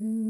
Mm.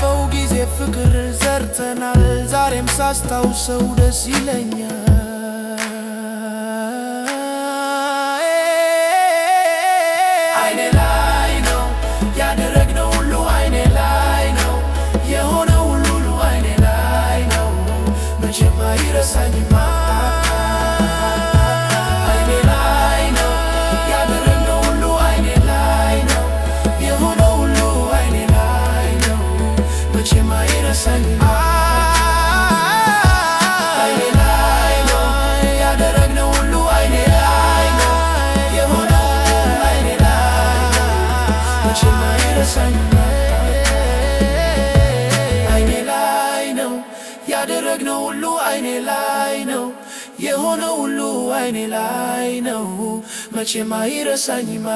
ባለፈው ጊዜ ፍቅር ዘርተናል። ዛሬም ሳስታውሰው ደስ ይለኛል። አይኔ ላይ ነው ያደረግነው ሁሉ አይኔ ላይ ነው የሆነ ሁሉ አይኔ ላይ ነው መቼም አይረሳኝም መቼም አይረሳኝ አይኔ ነው ያደረግነው ሁሉ አይኔ ላይ ነው ላይ መቼም አይረሳኝ ነው ያደረግነው ሁሉ አይኔ ላይ ነው የሆነ ሁሉ አይኔ ላይ ነው መቼም አይረሳኝማ